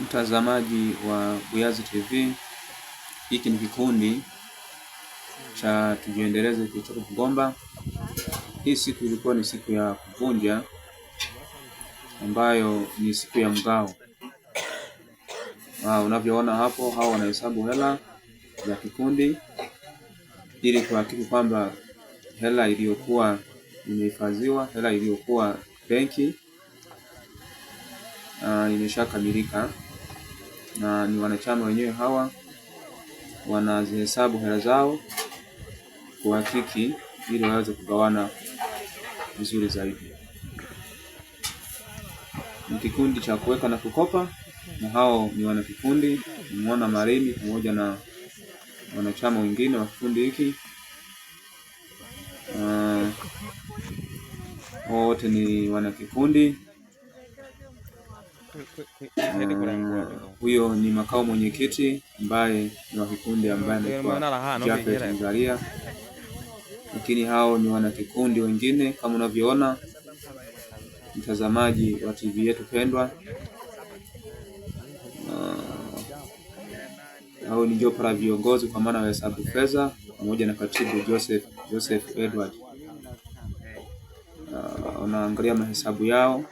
Mtazamaji wa Buyazi TV, hiki ni kikundi cha tujiendeleze kilichoko Kigomba. Hii siku ilikuwa ni siku ya kuvunja, ambayo ni siku ya mgao. Unavyoona hapo, hao wanahesabu hela za kikundi ili kuhakiki kwamba hela iliyokuwa imehifadhiwa, hela iliyokuwa benki ah, imeshakamilika na ni wanachama wenyewe hawa wanazihesabu hela zao kuhakiki ili waweze kugawana vizuri zaidi. Ni kikundi cha kuweka na kukopa, na hao ni wanakikundi. Mwana marini pamoja na wanachama wengine wa kikundi hiki ah, wote, uh, ni wanakikundi. Huyo ni makao mwenyekiti ambaye ni wa kikundi ambaye anaitwa lakini hao ni wanakikundi wengine kama unavyoona, mtazamaji wa TV yetu pendwa. Hao ni jopo la viongozi kwa maana ya hesabu fedha pamoja na katibu Joseph, Joseph Edward. Uh, wanaangalia mahesabu yao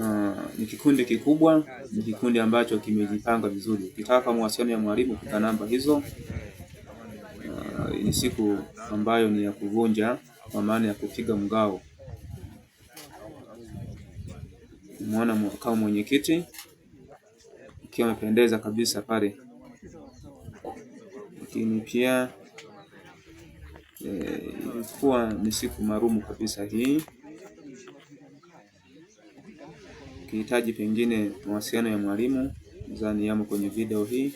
Uh, ni kikundi kikubwa, ni kikundi ambacho kimejipanga vizuri. Ukitaka mawasiliano ya mwalimu kuta namba hizo. Uh, ni siku ambayo ni ya kuvunja, kwa maana ya kupiga mgao. Umeona kama mwenyekiti ukiwa amependeza kabisa pale, lakini pia eh, ilikuwa ni siku maalumu kabisa hii. Ukihitaji pengine mawasiliano ya mwalimu, nadhani yamo kwenye video hii.